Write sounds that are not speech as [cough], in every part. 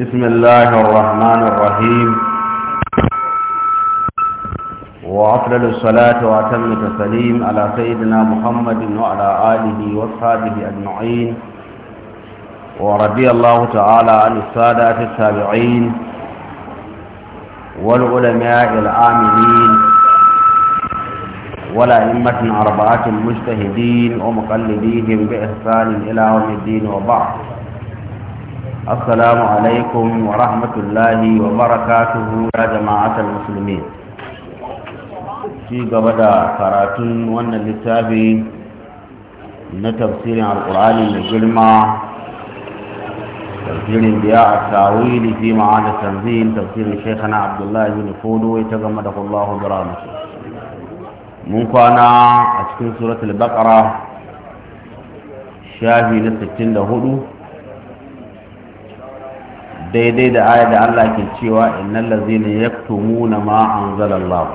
بسم الله الرحمن الرحيم وأفضل الصلاة وأتم التسليم على سيدنا محمد وعلى آله وصحبه أجمعين ورضي الله تعالى عن السادة التابعين والعلماء العاملين والأئمة أربعة المجتهدين ومقلديهم بإحسان إلى يوم الدين وبعد السلام عليكم ورحمة الله وبركاته يا جماعة المسلمين في قبدا كراتون وانا لتابي نتفسير القرآن الجلمة تفسير انبياء التاويل في معاني التنزيل تفسير شيخنا عبد الله بن فودو يتغمده الله برحمته mun kwana a cikin suratul baqara shafi na 64 daidai da ayar da Allah ke cewa innal ladzina yaktumuna ma anzalallahu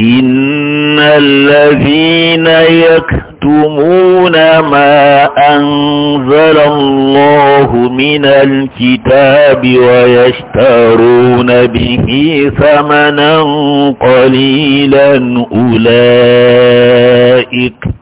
إن الذين يكتمون ما أنزل الله من الكتاب ويشترون به ثمنا قليلا أولئك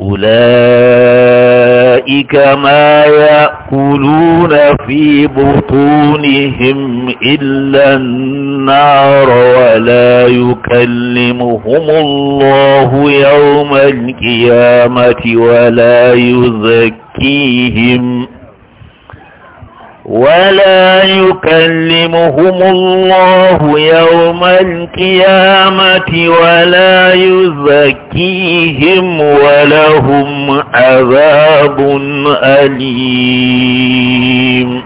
أولئك ما يأكلون في بطونهم إلا النار ولا يكلمهم الله يوم القيامة ولا يزكيهم ولا يكلمهم الله يوم القيامة ولا يزكيهم ولهم عذاب أليم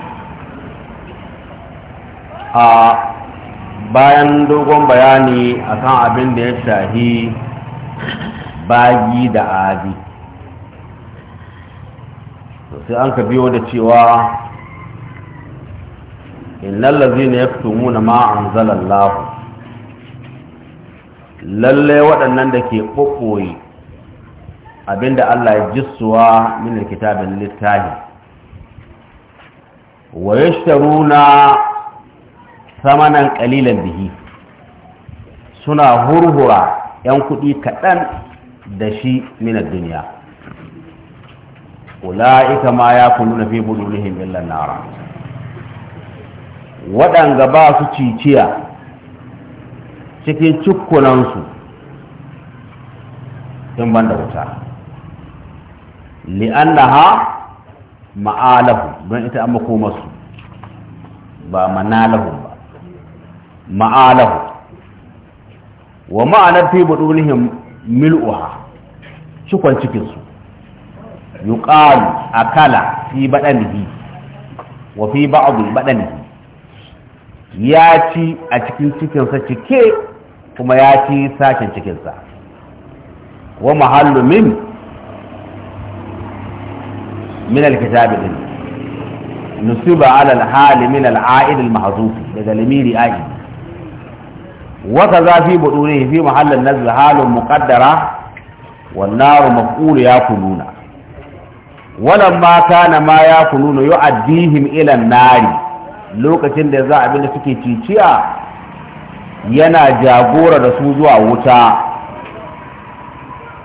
bayan dogon bayani akan abin da ya shahi bagi da adi sai an ka biyo da cewa innal ladzina yaktumuna ma anzala Allah lalle waɗannan da ke kokoyi abinda Allah ya jisuwa min kitabin littahi wa yashtaruna samanan ƙalilan bihi suna hurhura yan kuɗi kaɗan da shi min duniya ita ma ya kullu na fi budunihim illa nara waɗanga ba su ciciya cikin cikkunansu in ban da wuta ha ma'alahu don ita an makomarsu ba manalahu ba ma'alahu wa ma'anar fi budunihim mil'uha cikon cikinsu a kala fi badanihi wa fi baɗa badanihi ya ci a cikin cikinsa cike kuma ya ci sashen cikinsa wa mahallu min min alkitabi din nusiba ala alhali min al'aid almahzuf daga lamiri aid wa kaza fi budurihi fi mahallin nazl halun muqaddara wan naru maf'ul yakuluna ولما كان ما يأكلون يؤديهم إلى النار lokacin da za abin da suke ciciya yana jagora da su zuwa wuta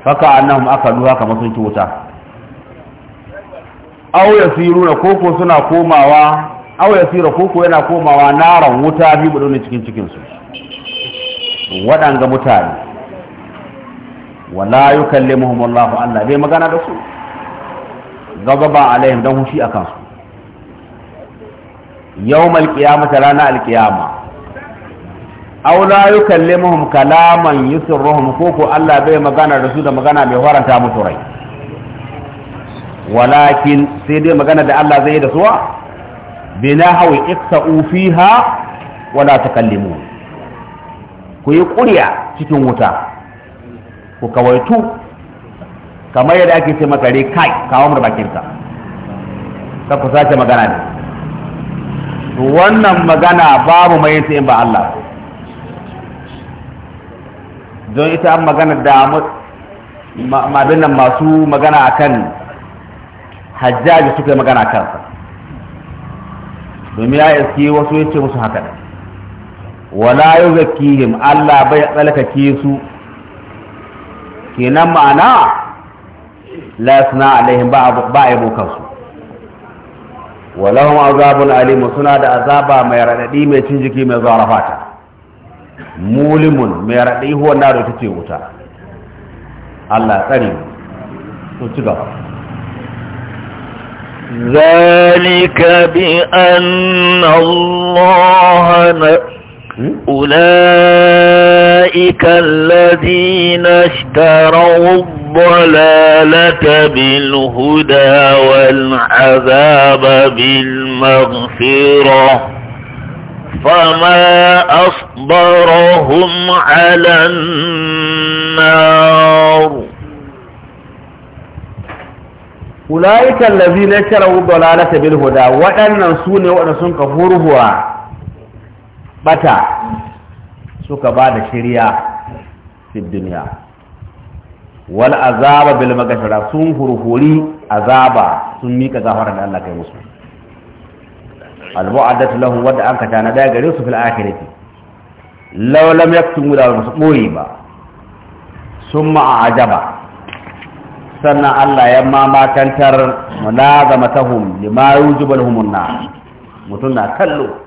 faka annahum aka duha kamar sun ci wuta aw na koko suna komawa aw yasiru koko yana komawa naran wuta bi budun cikin cikin su wadanga mutane wala yukallimuhum Allah Allah bai magana da su gaba ba alaihim dan hushi akan su yawmal qiyamata rana alqiyama aw la kalaman yusirruhum ko koko Allah bai magana da su da magana mai faranta musu rai walakin sai dai magana da Allah zai da suwa bina hawi iksa'u fiha wala takallimu ku yi ƙuriya cikin wuta ku kawaitu kamar yadda ake ce maka rai kai kawo mu bakinka ka ku sace magana ne wannan magana babu mai in ba Allah don ita an magana da mabin nan masu magana akan hajjaji suka yi magana a kansa domin ya iske wasu ya ce musu haka wala yau zakihim Allah bai tsalkake su kenan ma'ana la suna alaihim ba a yi bokansu ولهم عذاب أليم سنة عذاب ما يردي ما تنجكي ما ظرفات مولم ما يردي هو النار تتي وتا الله كريم تتجاب ذلك بأن الله أولئك الذين اشتروا الضلالة بالهدى والعذاب بالمغفرة فما أصبرهم على النار أولئك الذين كروا الضلالة بالهدى وأن سوني وأن نسون كفوره بتا سوك بعد شريعة في الدنيا wal azaba bil magashara sun hurhuri azaba sun mika gafara da Allah kai musu al mu'addat lahu wadda an tana da gare su fil akhirati law lam yaktumu da musu boye ba summa ajaba sannan Allah ya mamakantar mulazamatahum lima yujibu lahumun na mutum na kallo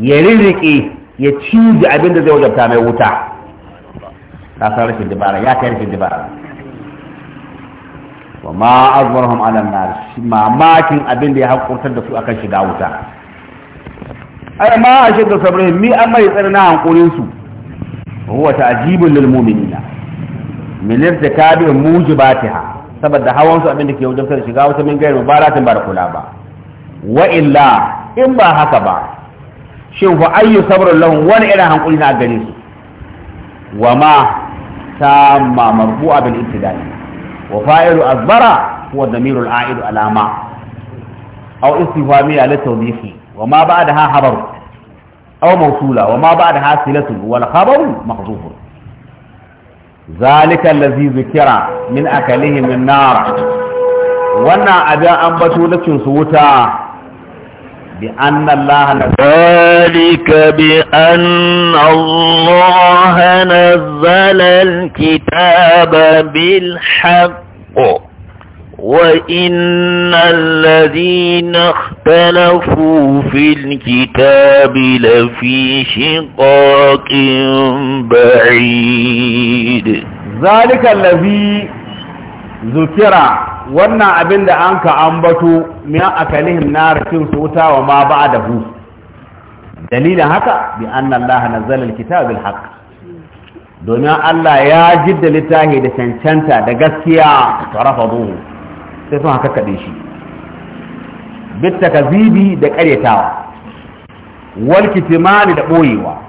ya rirrike ya cije abinda zai wajabta mai wuta ta san rashin dabara ya kai rashin dabara wa ma azwarhum ala nar mamakin abin da ya hakurtar da su akan shiga wuta ai ma a shiga sabrihim mi an mai tsarna hankulin su huwa ta'jibun lil mu'minina min irtikabi mujibatiha saboda hawan su abin da ke wajabtar shiga wuta min gairu baratin barakula ba wa illa in ba haka ba shin fa ayyu sabrul lahum wani irin hankuli na gare su wa ma تامة مرفوعة بالابتداء وفاعل أكبر هو الضمير العائد على ما أو استفهامية للتوضيح وما بعدها خبر أو موصولة وما بعدها صلة والخبر محذوف ذلك الذي ذكر من أكلهم النار wannan abin an bato na cinsu wuta بأن الله ذلك بأن الله نزل الكتاب بالحق وإن الذين اختلفوا في الكتاب لفي شقاق بعيد ذلك الذي ذكر wannan abin da an ka ambato min akalihim nar cin su wuta wa ma ba'dahu dalilin haka bi anna Allah nazzala alkitab bilhaq domin Allah ya jidda littafi da cancanta da gaskiya tarafadu sai sun haka kade shi bit takazibi da ƙaryatawa. wal kitimani da boyewa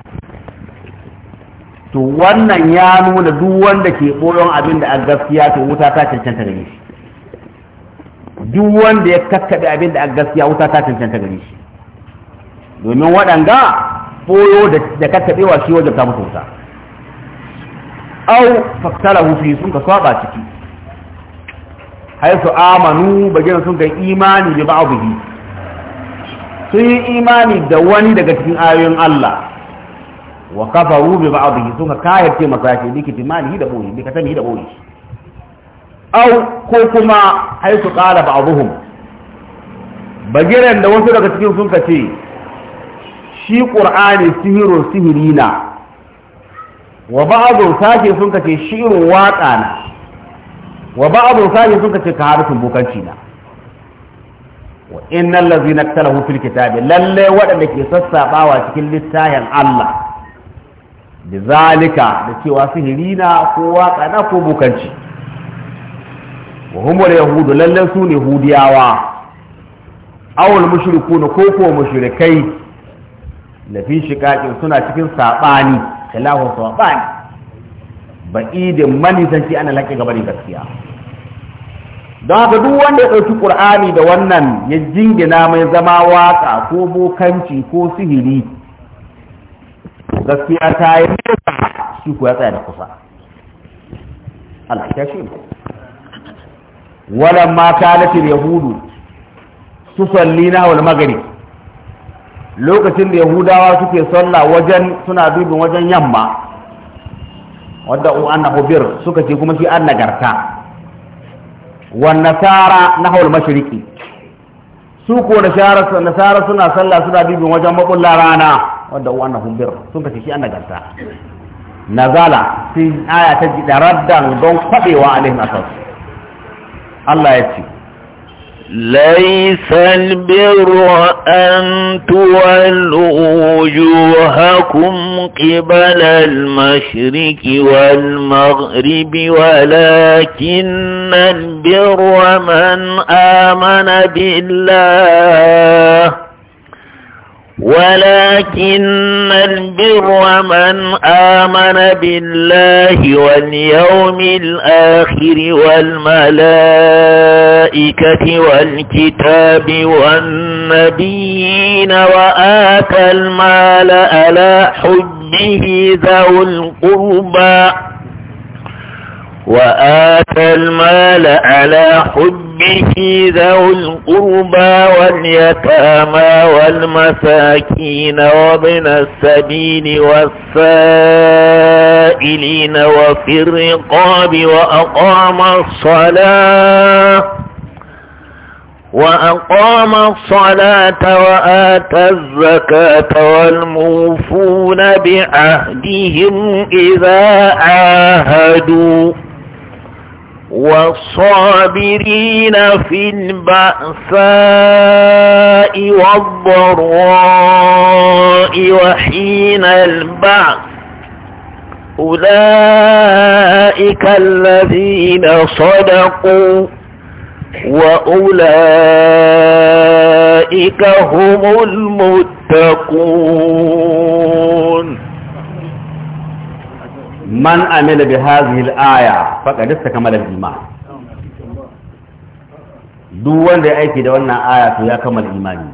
to wannan ya nuna duk wanda ke ɓoyon abin da a gaskiya to wuta ta cancanta da shi duk wanda ya kakkaɓe abin da a gaskiya wuta ta cancanta gare shi domin waɗanga boyo da kakkaɓewa shi wajen ta musu wuta au faktala hufi sun ka saba ciki haisu amanu bagina sun kai imani da ba'abuhi sun yi imani da wani daga cikin ayoyin Allah wa kafaru bi ba'dihi sun ka kayar ce masa yake likiti mali da boye da boye au ko kuma haisu ƙara ba abuhun bagiren da wasu daga cikin sun ce shi ƙur'ani sihirun sihiri na wa ba'adun sake sun ce shirin waƙa na wa ba'adun sake sun ce ka harfin bukanci na wa innal ladzina iktalahu fil kitabi lalle waɗanda ke sassaɓawa cikin littafin Allah bizalika da cewa sihiri na ko waƙa na ko bukanci wa yahudu lallan su ne hudiyawa awul mushrikuna ko ko mushrikai lafi shiqaqin suna cikin sabani kalahu sabani ba'idin manisanci ana laƙi gaba da gaskiya don haka duk wanda ya ɗauki Kur'ani da wannan ya jingina mai zama waka ko bokanci ko sihiri gaskiya ta yi nesa shi ko ya tsaya da kusa Allah ya shi ولما كانت اليهود تصلينا والمغرب lokacin da yahudawa suke sallah wajen suna dubin wajen yamma wanda wadda annahu hubir suka ce kuma shi an nagarta wan nasara na nahul mashriqi su ko nasara nasara suna sallah suna dubin wajen mabulla rana wanda wadda annahu hubir suka ce shi an nagarta nazala fi aya ta jidaraddan don kwadewa alaihim asas الله ya ce ليس البر أن تولوا وجوهكم قبل المشرك والمغرب ولكن البر من آمن بالله ولكن البر من آمن بالله واليوم الآخر والملائكة والكتاب والنبيين وآتى المال على حبه ذو القربى وآتى المال على حبه ربك ذو القربى واليتامى والمساكين وابن السبيل والسائلين وفي الرقاب وأقام الصلاة وأقام الصلاة وآتى الزكاة والموفون بعهدهم إذا عاهدوا والصابرين في البأساء والضراء وحين البعث أولئك الذين صدقوا وأولئك هم المتقون man amila bi hadhihi al-aya faqad istakmala al-iman duk wanda ya aiki da wannan aya to ya kammala imani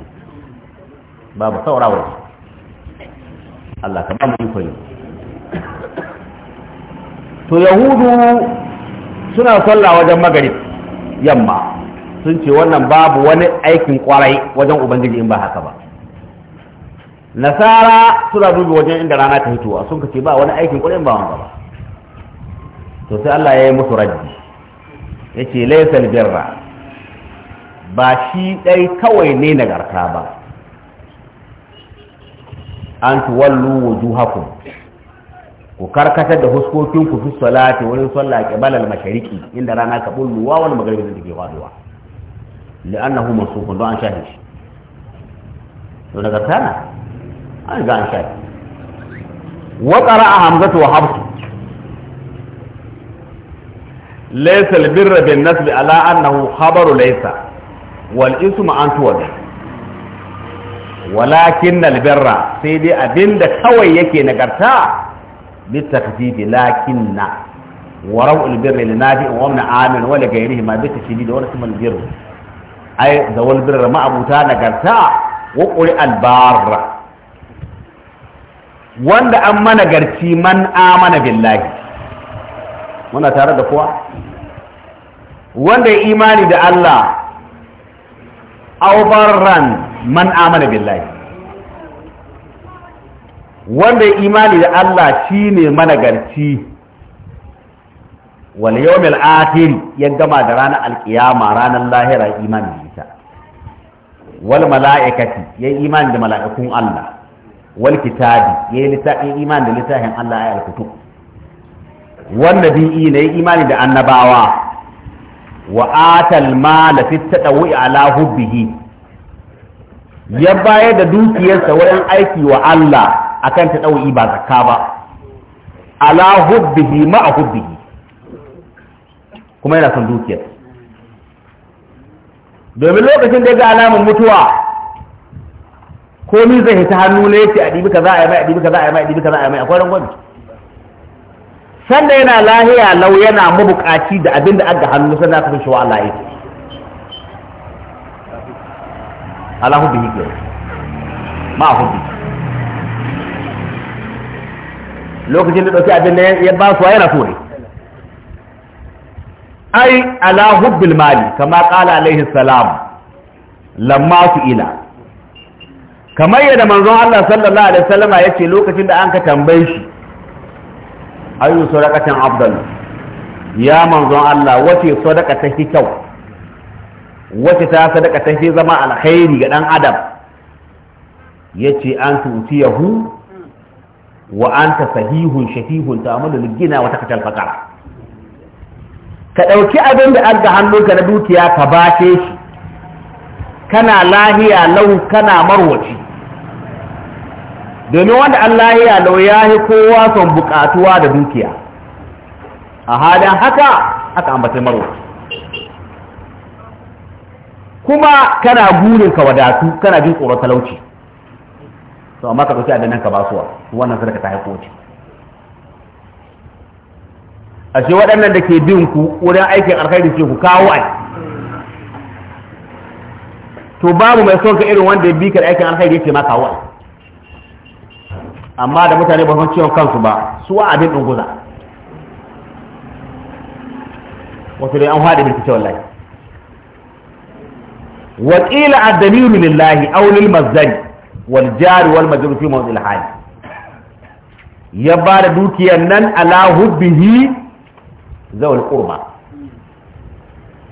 babu saurawa Allah ka ba mu iko to yahudu suna sallah wajen magrib yamma sun ce wannan babu wani aikin kwarai wajen ubangiji in ba haka ba nasara suna dubi wajen inda rana ta hitowa sun kace ba wani aikin kuɗin ba wanga ba to sai Allah ya yi musu raddi yace laysal birra ba shi dai kawai ne nagarta ba an tuwallu wujuhakum ku karkatar da huskokinku fi salati wurin sallah qibala al-mashariqi inda rana ka bulluwa wal maghribi da ke faduwa li'annahu masukun don an shahi shi to nagarta na an ga an sha wa qara'a hamzatu wa hafsu Laisa albirra bin nasb ala annahu khabaru laysa wal ismu an tuwala walakin albirra sai dai abinda kawai yake nagarta بالتخفيف لكن وروء البر لنافع ومن عامل ولا غيرهما بالتشديد ولا ثم البر اي ذو البر ما ابو nagarta, غرتا وقل albarra. wanda an mana garci man amana billahi muna tare da kowa wanda ya imani da Allah aubarran man amana billahi wanda ya imani da Allah shine managarci wal yawmil akhir ya gama da ranar alkiyama ranar lahira imanin da ita wal mala'ikati ya imani da mala'ikun Allah wal kitabi yayi littafin imani da littafin Allah ya alkutub wan nabiyyi ne imani da annabawa wa atal mala fi tadawwi ala hubbihi ya bayar da dukiyarsa wurin aiki wa Allah akan tadawwi ba zakka ba ala hubbihi ma hubbihi kuma yana son dukiyar domin lokacin da ga alamun mutuwa komi zai hita hannu ne yace a dibi ka za a yi mai a dibi ka za a yi mai a dibi ka za a yi mai akwai rangwami sanda yana lahiya lau yana mabukaci da abin da aga hannu sanda aka fi shi wa Allah yake ala hubbihi ke ma hubbi lokacin da dauki abin da ya ba su yana so ne ai ala hubbil mali kama qala alaihi salam lamma su ila kamar yadda manzon Allah sallallahu alaihi wasallama ya ce lokacin da an ka tambaye shi ayyu sadaqatan afdal ya manzon Allah wace sadaqa ta fi kyau wace ta sadaqa ta fi zama alkhairi ga dan adam yace an tutiyahu wa anta sahihun shafihun ta'malu ligina wa takatal faqara ka ɗauki abin da an ga hannunka na dukiya ka bace shi kana lahiya lau kana marwaci domin wanda Allah ya lau ya yi kowa son bukatuwa da dukiya a halin haka aka ambata marwa kuma kana gurin ka wadatu kana jin tsoron talauci to amma ka dauki adanan ka basuwa wannan sadaka ta haifo ce ashe waɗannan da ke bin ku wurin aikin alkhairi ce ku kawo ai to babu mai son ka irin wanda ya bi ka aikin alkhairi ce ma kawo ai amma da mutane ba san ciwon kansu ba su wa abin dunguza wato dai an haɗe birkice wallahi wa qila ad-damiru lillahi aw lil mazdari wal jari wal majrur fi mawdil hal ya ba da dukiyar nan ala hubbihi zawal qurba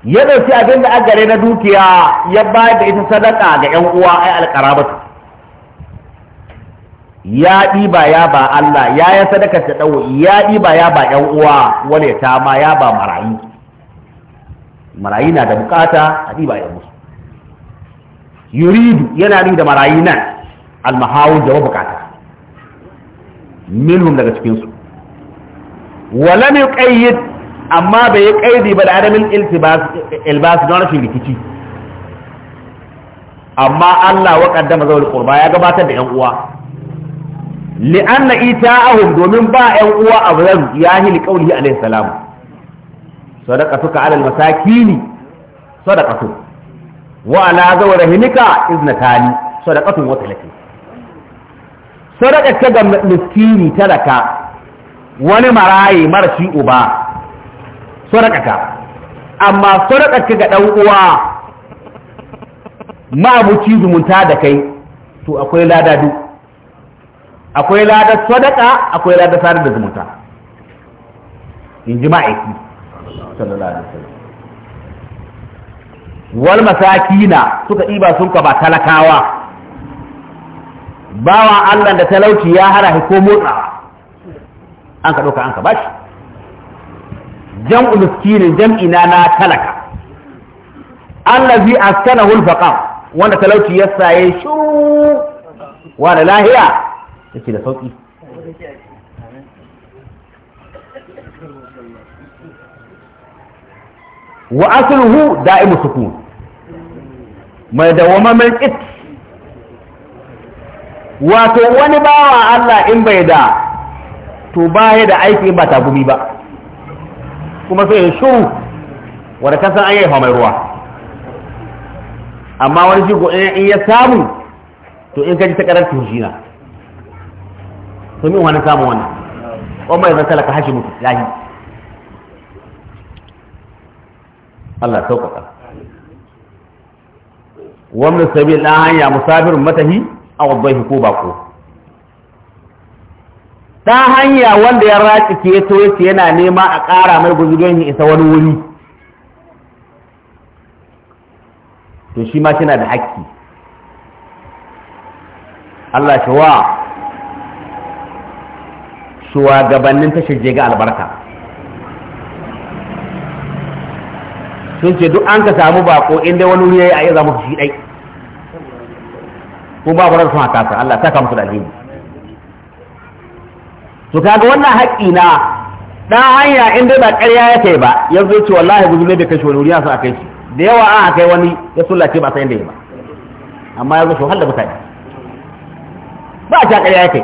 ya dauki abin da aka na dukiya ya ba da ita sadaka ga yan uwa ai alqarabatu ya ɗiba ya ba Allah ya ya sadakar ta ɗau ya ɗiba ya ba ‘yan uwa wale ta ma ya ba marayi marayi na da bukata a ɗiba ya musu yuridu yana ɗi da marayi nan almahawu da bukata minhum daga cikinsu walam yuqayyid amma bai yi kaidi ba da adamin ilbas don rashin rikici amma Allah wa kaddama zaul qurba ya gabatar da yan uwa li'anna ita'ahum domin ba ƴan uwa abu yanzu ya hi liqaulihi alaihi salam sadaqatuka alal masakini sadaqatu wa ala zawrahimika iznatani sadaqatun wa talaki sadaqaka ga miskini talaka wani marayi marashi uba sadaqaka amma sadaqaka ga dan uwa ma zumunta da kai to akwai lada duk akwai ladar sadaka akwai ladar sadar da zumunta in ji ma'aiki wal masakina suka ɗiba sun ka ba talakawa bawa Allah da talauci ya hara ko motsawa an ka ɗauka an ka bashi jam'u miskinin jam'i na na talaka allazi askanahu alfaqa wanda talauci ya saye shu wa lahiya yake da sauki wa asluhu da'imu sukun mai wama mai wato wani bawa Allah in bai da to baya da aiki ba ta tagumi ba kuma sai ya shuru wanda kasan an yi mai ruwa amma wani ko in ya samu to in ka kaji ta karar tushina to min wani samu wannan mai zan talaka hashi mutu yahi Allah sauƙaƙa wani sabi ɗan hanya musafirin matahi a shi ko bako ta hanya wanda ya raci ke to yace yana nema a ƙara mai guzugen ya isa wani wuri to shi ma shi na da haƙƙi Allah shi wa Suwa shugabannin tashar ga albarka sun ce duk an ka samu bako inda wani wuri yi a yi zama shi dai ko ku ran kasa Allah ta Allah su da alheri su kaga wannan haƙƙi na ɗan hanya inda ba ƙarya ya kai ba ya yanzu ce wallahi ne bai kashe wani wuri ya sa kai shi da yawa an akai wani ya sullace ba sai inda ya ba amma ya zo shi halda mutane ba a ta ƙarya ya kai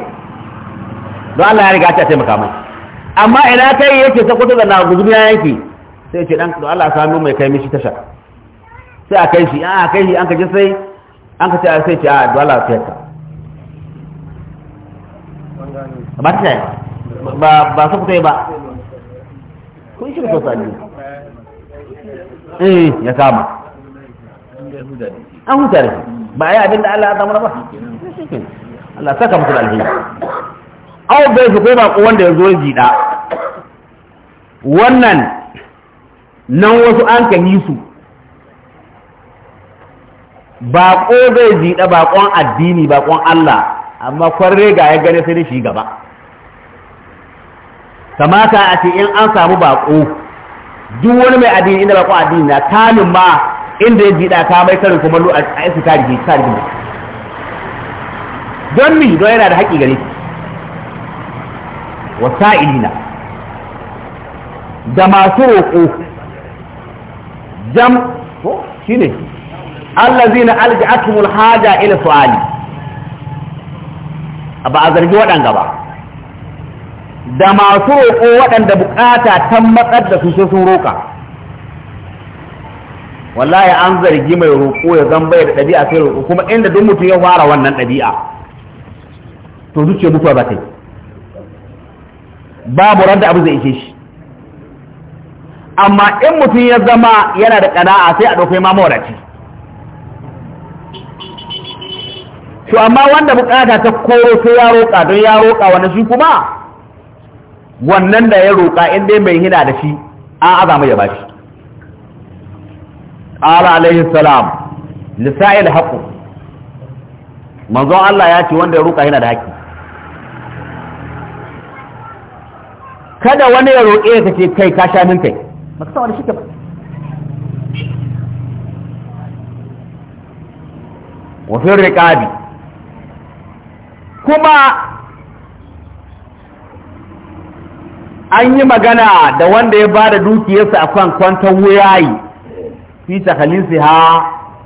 don Allah ya riga ta taimaka mai amma ina ta yi yake sakwato da na guzumi ya yanki sai ce dan don Allah sanu mai kai mishi tasha sai a kai shi a kai shi an ka ji sai an ka ce a sai ce a don Allah sai ba ta ba ba su kutai ba kun shi ka sani eh ya kama an huta da ba ai abin da Allah ya zama ba Allah saka mutu da alheri au bai su ko bako wanda ya zo jiɗa wannan nan wasu an ka yi su bako zai jiɗa bakon addini bakon Allah amma kwarre ga ya gane sai da shi gaba kamata a ce in an samu bako duk wani mai addini inda bakon addini na kamin ma inda ya jiɗa ta mai karin kuma a isa tarihi tarihi don mi don yana da haƙi gare shi wasa'ilina da masu roƙo jam ko na allazina alja'atumul haja ila su'ali ba a zargi waɗanda ba da masu roƙo waɗanda buƙata ta matsar da su sai sun roƙa wallahi an zargi mai roƙo ya zambaye da ɗabi'a sai roƙo kuma inda duk mutum ya fara wannan ɗabi'a to zuciya mutuwa ba ta yi babu da abu zai ishe shi amma in mutum ya zama yana da kana'a sai a ɗaukai ma mawadaci to amma wanda bukata ta koro sai ya roƙa don ya roƙa wani shi kuma wannan da ya roƙa inda mai hina da shi an azama mai ya bashi ala alaihi salam lisa'il haƙu manzon Allah ya ce wanda ya roƙa yana da haƙƙi kada wani ya roƙe ka ce kai ka sha min kai baka sa wani shi ba wa fi kuma an yi magana da wanda ya bada dukiyarsa a kan kwantar wuyayi fi sakalin ha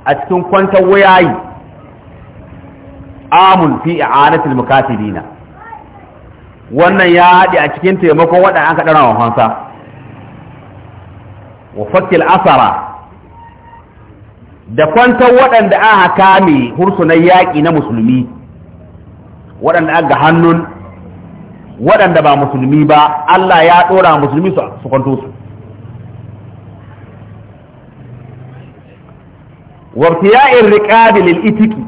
a cikin kwantar wuyayi amun fi i'anatul mukatibina wannan ya haɗe a cikin taimakon waɗanda an kaɗa wa wa fakil asara da kwantar waɗanda aka kame hursunan yaƙi na musulmi waɗanda aka hannun waɗanda ba musulmi ba Allah ya ɗora musulmi su kwanto su wabtiya'in riƙabi lil itiki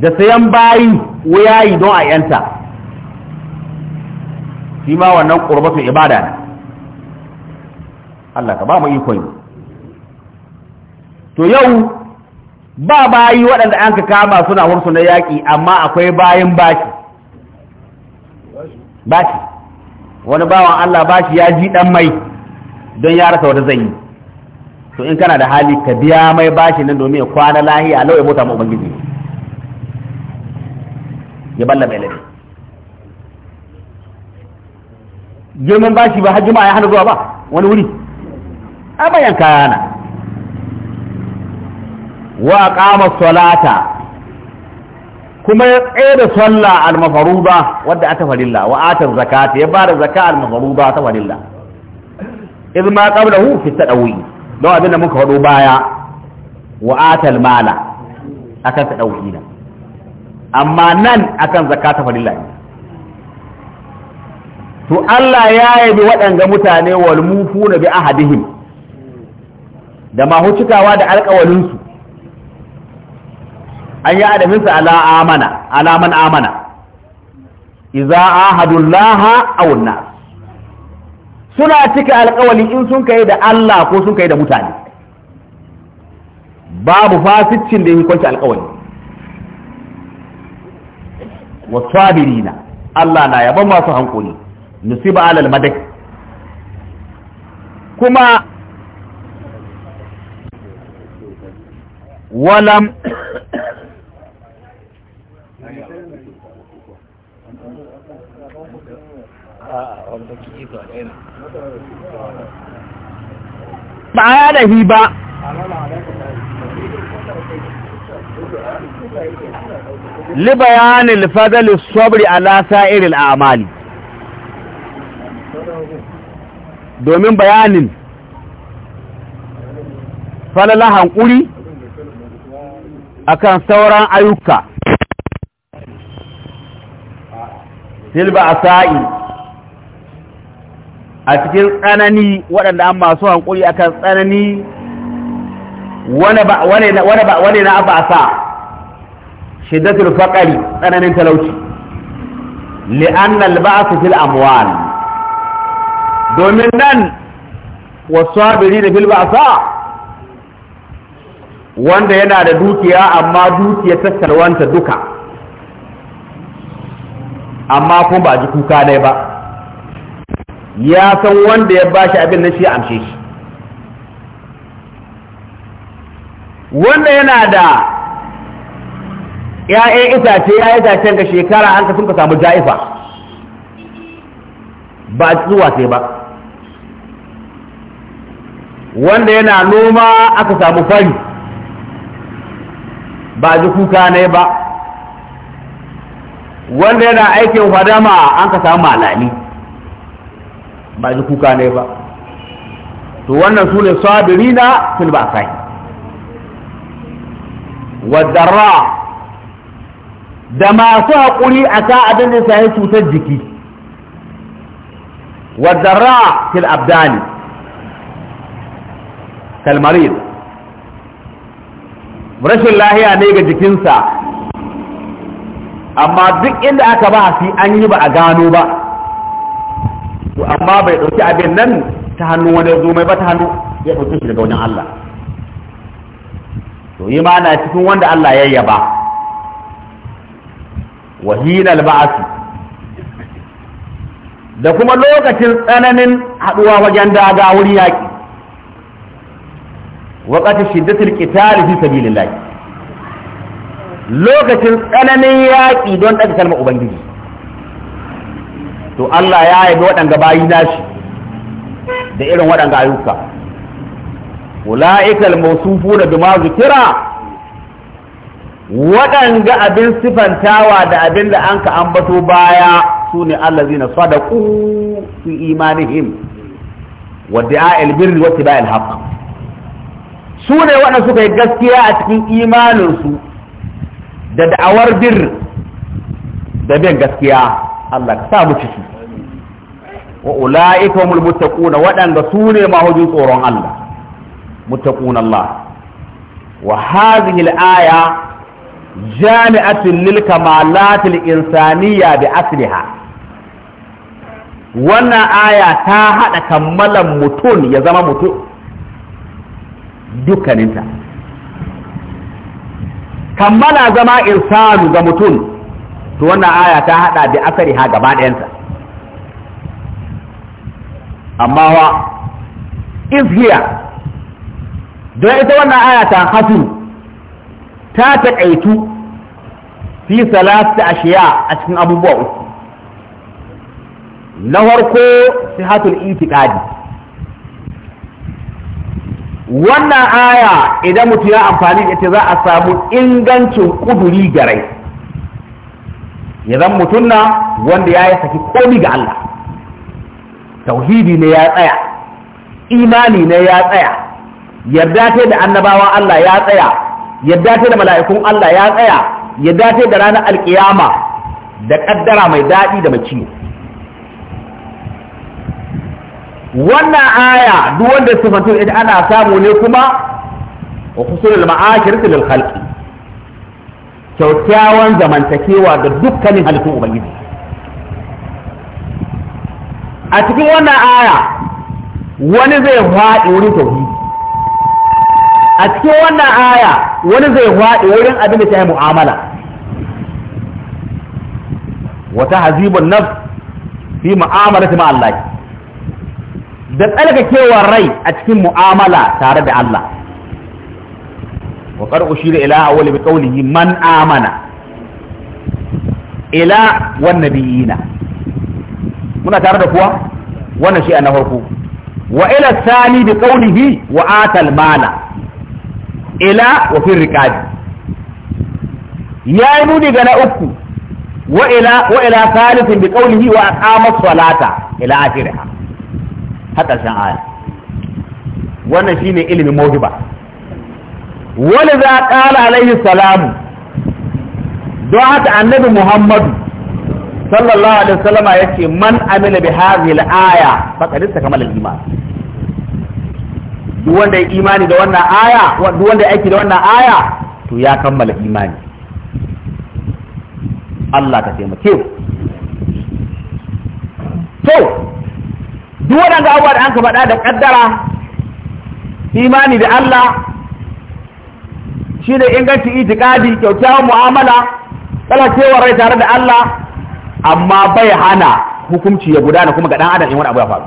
da sayan bayi wuyayi don a yanta shi ma wannan qurbatu ibada ne Allah ka ba mu iko yi to yau ba bayi waɗanda an ka kama suna wurin yaki yaƙi amma akwai bayan baki baki wani bawan Allah baki ya ji dan mai don ya rasa wata zanyi to in kana da hali ka biya mai bashi nan domin ya kwana lahiya lau ya mota mu ubangiji ya balla mai girman bashi ba har juma'a ya hana zuwa ba wani wuri a bayan kayana wa qama salata kuma ya tsaye da sallah al-mafaruda wadda aka farilla wa atar zakata ya bada zakka al-mafaruda ta farilla iz ma qablahu fi tadawi don abinda muka hado baya wa atal mala akan tadawi amma nan akan zakata farilla ne to Allah ya yabi waɗanga mutane wal mufuna bi ahadihim da ma cikawa da alƙawalinsu an yi adaminsa ala amana ala man amana iza ahadullaha aw nas suna cika alƙawali in sun kai da Allah ko sun kai da mutane babu fasiccin da yake kwanci alƙawali sabirina Allah na yaban masu hankali nusiba alal madak kuma walam ba ya da hi ba libayanin fadalin sabri ala sa'iril amali domin bayanin falala hankuri akan sauran ayyuka silba a sa'i a cikin tsanani waɗanda an masu hankuri akan tsanani wane na ba sa shiddatul faƙari tsananin talauci li'annal ba su fil amwal domin nan wasu abiri da a wanda yana da dukiya amma dukiya ta salwanta duka amma kun ba ji kuka dai ba ya san wanda ya bashi abin na shi amshe shi wanda yana da ‘ya'yan itace ya itacen ga shekara an ka sun ka samu ja'ifa ba a zuwa sai ba wanda yana noma aka samu fari ba ji kuka ne ba wanda yana aikin fadama an ka samu malali ba ji kuka ne ba to wannan su ne sabirina fil ba'sai wadarra da masu haƙuri a ka abin da sai cutar jiki wadarra fil abdani kalmarin rashin lahiya ne ga jikinsa amma duk inda aka ba fi an yi ba a gano ba to amma bai ɗauki abin nan ta hannu wani zo mai ba ta hannu ya ɗauki shi daga wajen Allah to yi ma na cikin wanda Allah ya yaba wahinal ba'asi da kuma lokacin tsananin haɗuwa wajen daga wuri yaƙi waƙata shiddatul qital fi sabilillah lokacin tsananin yaƙi don ɗaga kalmar ubangiji to Allah ya yabi waɗanga bayi nashi da irin waɗanga ayyuka ula'ikal mawsufuna bima zikira waɗanga abin sifantawa da abin da an ka ambato baya su ne allazina sadaqu fi imanihim wa da'a'il birri wa tiba'il haqq su ne waɗanda suka yi gaskiya a cikin imaninsu da da'awar bir da bin gaskiya Allah ka sa mu ciki wa ula'ika mul muttaquna waɗanda su ne mahujin tsoron Allah muttaquna Allah wa hadhihi al-aya jami'atun lil kamalat al-insaniyya bi asliha wannan aya ta hada kammalan mutum ya zama mutum dukkaninta kammala zama irsalu ga mutum to wannan aya ta haɗa da asari ha gaba ɗayansa amma wa here don ita wannan aya ta hasu ta taƙaitu fi salata ashiya a cikin abubuwa uku na farko sihatul itiqadi wannan aya idan mutum ya amfani da ita za a samu ingancin kuduri ga rai ya zan mutum na wanda ya yi saki komi ga Allah tauhidi ne ya tsaya imani ne ya tsaya yarda ta da annabawan Allah ya tsaya yarda ta da mala'ikun Allah ya tsaya yarda ta da ranar alkiyama da ƙaddara mai daɗi da mai ciwo wannan aya duk wanda sifatu idan ana samu ne kuma wa husnul ma'ashir lil khalqi kyaukyawan zamantakewa da dukkanin halittun ubangiji a cikin wannan aya wani zai faɗi wurin tauhidi a cikin wannan aya wani zai faɗi wurin abin da ta yi mu'amala wata hazibun nafs fi mu'amalati ma'allahi da tsarkakewar rai a cikin mu'amala tare da Allah wa qad ushira a awwal bi qawlihi man amana ila wannan biyina, muna tare da kuwa wannan shi a na farko wa ila sani bi ƙaunihi wa atal mala ila wa fi ya yi nuni ga na uku wa ila wa ila salisin bi ƙaunihi wa aqama salata ila akhirih har ƙarshen aya wannan shi ne ilimin mawhiba wani za a ƙala alaihi salamu don haka annabi muhammadu sallallahu alaihi wasallam ya ce man Amina bi hadhihi aya faqad istakmala al-iman duk wanda ya imani da wannan aya duk wanda ya aiki da wannan aya to ya kammala imani Allah ka taimake ku to duk waɗanda abuwa da an ka faɗa da ƙaddara imani da Allah shi ne inganci itikadi kyaukyawan mu'amala talakewar rai tare da Allah amma bai hana hukunci ya gudana kuma ga ɗan adam in wani abu ya faru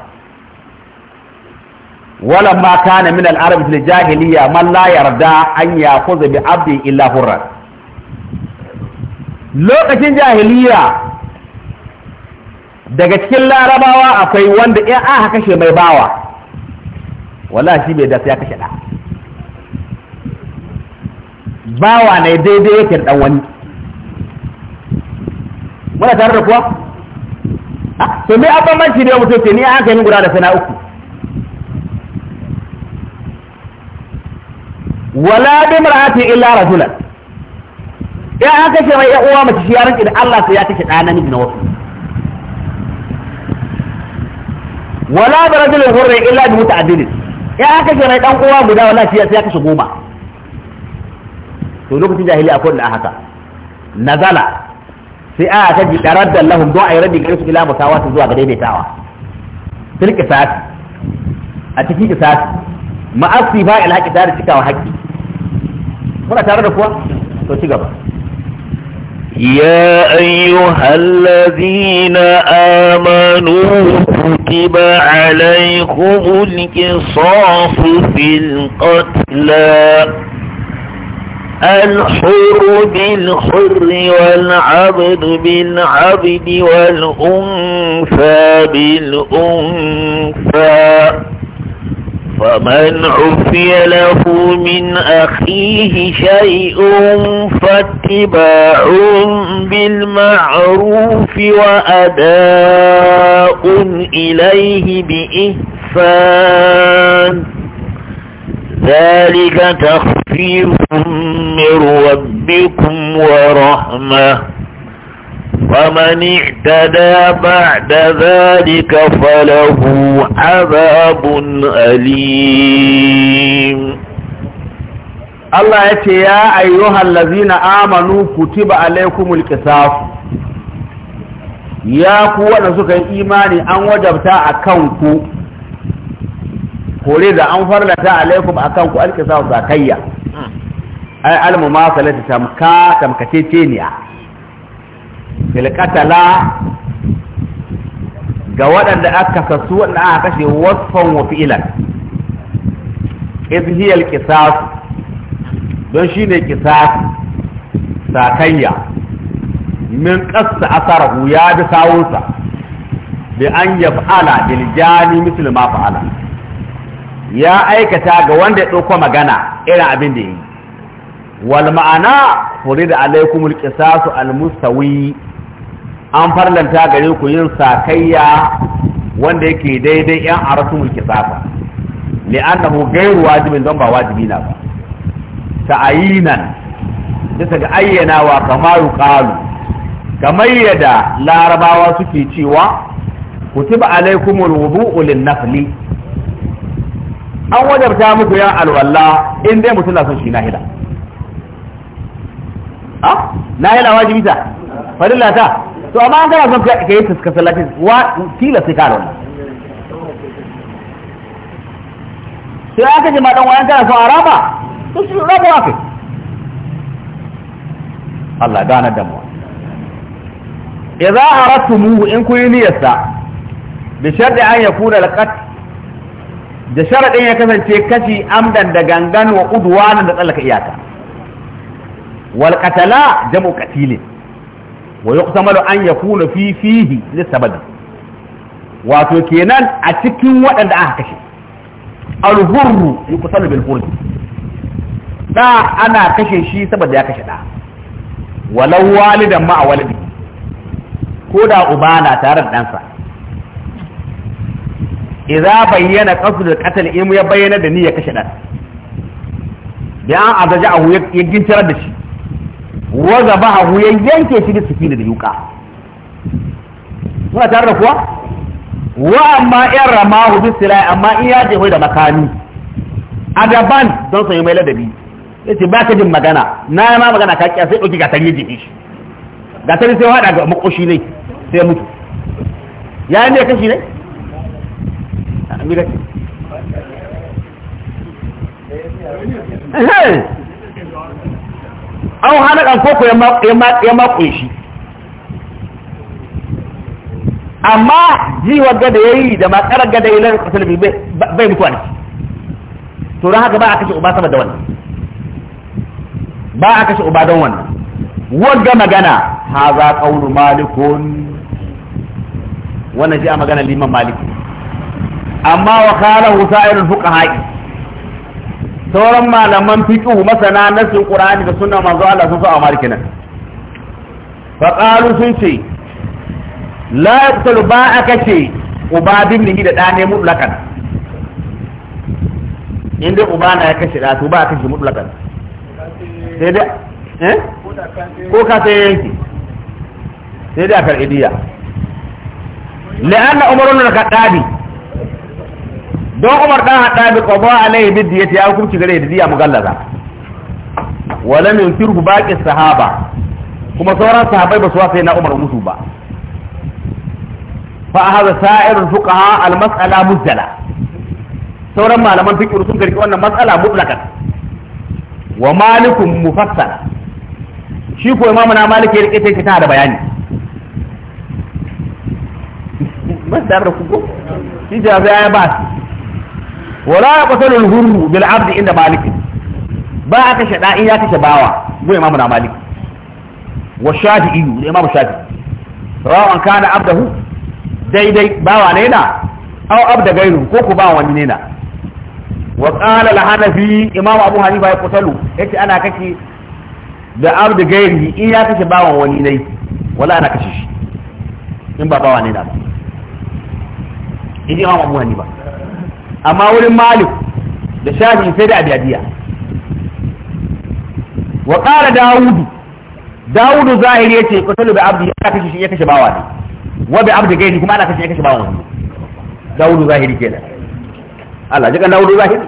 walan ma kana min al-arab fil jahiliya man la yarda an yakhudha bi abdi illa hurran lokacin jahiliya daga cikin larabawa akwai wanda in aka kashe mai bawa wala shi bai da sai ya kashe da bawa ne daidai yake dan wani muna tare da kuwa ah, to me abamanci da mutum ce ni an kai min guda da sana uku wala bi mar'ati illa rajulan ya aka ce mai ya uwa mace shi ya rinki da Allah sai ya kashe da namiji na wasu wala da rajulun hurrin illa bi muta'addidin ya aka ce mai dan uwa guda wala shi sai ya kashe goma to lokacin jahiliya akwai da haka nazala sai aya ta ji da lahum don ayi raddi gare su ila musawati zuwa ga daidaitawa fil qisas a cikin qisas ma'asifa ila da cikawa haƙƙi kuna tare da kuwa to ci gaba يا أيها الذين آمنوا كتب عليكم القصاص في القتلى الحر بالحر والعبد بالعبد والأنثى بالأنثى فمن عفي له من أخيه شيء فاتباع بالمعروف وأداء إليه بإحسان ذلك تخفيف من ربكم ورحمه فمن اعتدى بعد ذلك فله عذاب أليم Allah ya ce ya ayyuhal lazina amanu kutiba alaikumul qisas ya ku wanda suka yi imani an wajabta a kanku kore da an farlata alaikum a kanku alqisas zakayya ai tamka filkatala ga waɗanda aka kasu waɗanda aka kashe wasfan wa fi'ilan izhiyal kisas don shi ne kisas sakayya min ƙasa hu ya bi sawunsa da an ya fa'ala jani misali ma fa'ala ya aikata ga wanda ya ɗauko magana irin abin da ya yi Walma'ana ma'ana da alaikumul qisasu al an farlanta gare ku yin sakayya wanda yake daidai yan aratumul qisasa annahu gairu wajibin don ba wajibi na ba ta'ayinan bisa ga ayyanawa kamar yuqalu kamar yadda larabawa suke cewa kutiba alaikumul wudu'u lin nafli an wajabta muku ya alwala in dai mutum na son shi nahila na yi lawa jimita farilla ta to amma an gana son ka yi tuska salatin wa tila sai ka rauna sai aka ji ma dan wayan kana son araba to shi rabu rafi Allah gana za a idza muhu in kun yi niyyarsa da sharti an yakuna laqat da sharadin ya kasance kashi amdan da gangan wa udwana da tsallaka iyaka wal qatala jamu qatilin wa yuqtamalu an yakuna fi wato kenan a cikin waɗanda aka kashe al-hurru yuqtalu da hurri da ana kashe shi saboda ya kashe da walau walidan ma walidi ko da uba na tare da ɗansa idza bayyana qasdul katal in ya bayyana da ya kashe dan bi an azaja ya gintar da shi ba a ya yanke shi da sikina da yuka muna tare da kuwa wa amma in ramahu bi sirai amma in ya je da makami adaban don sai mai ladabi ce ba ka jin magana na yi ma magana ka kiya sai dauki gatari jiki shi gatari sai haɗa ga makoshi ne sai mutu ya ne kashi ne amira an halakan koko ya makon shi amma jiwar gada ya yi da makarar gada ya lalata musulmi bai mutuwa ne to don haka ba a kashe uba sama da wannan ba a kashe uba don wannan wadda magana ha za ƙaunu malikun wannan shi a magana liman maliki amma wa kala husa irin fuka haƙi sauran malaman fiqh masana nasin ƙura'ani da sunna manzo Allah sun sa amar kenan fa qalu sun ce la ba ba ce. uba bin da dane mutlakan inda uba na ya kashe da to ba kashe mutlakan sai da eh? ko ka sai yanki sai da kar idiya la'anna na ibn al-khattabi don umar dan hada bi qada alaihi bi diyati ya hukunci gare da diya mugallaza wala min firhu baqi sahaba kuma sauran sahabai ba su wasa na umar musu ba fa hada sa'ir fuqaha al mas'ala muzdala sauran malaman fiqh sun garki wannan mas'ala mutlaqan wa malikum mufassala shi ko imamu na maliki yake take ta da bayani masdar [laughs] ku ko shi ja ya ba wala ya kusa da hurru bil abdi inda maliki ba a kashe in ya kashe bawa mu imamu na maliki wa shafi'i da imamu rawa an kana abdahu daidai bawa ne na aw abda gairu ko ku ba wani ne na wa qala al hanafi imamu abu hanifa ya kutalu yace ana kashe da abdi gairu, in ya kashe bawan wani ne wala ana kashe shi in ba bawa ne na ba idan imamu abu hanifa amma wurin malik da shafi sai da abiyadiya wa ƙara dawudu dawudu zahiri ya ce kwatalu bai abdi ya kashe shi ya kashe bawa ne wa bai abdi gaini kuma ana kashe ya kashe bawa ne dawudu zahiri kenan Allah jikan dawudu zahiri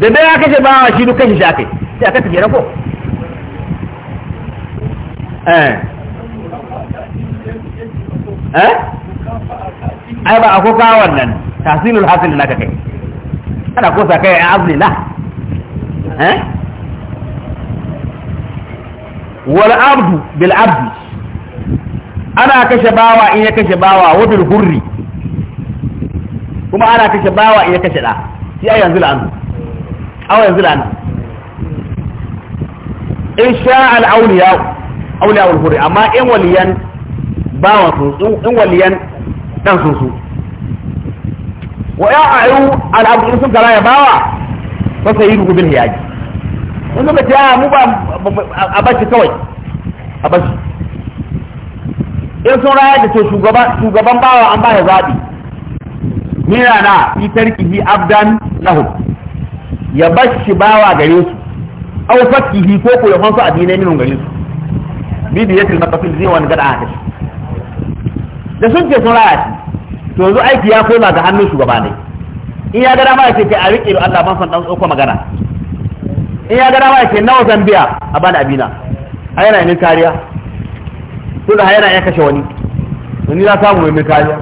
da dai ya kashe bawa shi duk kashe shi akai sai aka tafi ko eh eh ai ba a kuka wannan tahsinul hasil naka kai ana ko sa kai azli la eh wal abdu bil abdi ana kashe bawa in ya kashe bawa wa bil hurri kuma ana kashe bawa in ya kashe da shi ai yanzu la'anu aw yanzu la'anu in sha'a al awliya awliya al hurri amma in waliyan bawa sun in waliyan dan sun su wa ya ayu al'abdu sun kara ya bawa ba sai rubu bil hiyaji in suka ce a mu ba a bashi kawai a bashi in sun raya da ce shugaban bawa an ba ya zaɓi ni rana fi tarkihi abdan lahu ya bashi bawa gare su aw fakihi ko ko ya fansu addinai minin gare su bibi yatil maqatil zai wani gada haka da sun ce sun raya shi to yanzu aiki ya koma ga hannun shugaba ne in ya gara dama ya ce kai a riƙe Allah ban san dan tsoko magana in ya gara dama ya ce nawa zan biya a bani abina a yana yin kariya tunda da yana ya kashe wani wani na samu yin kariya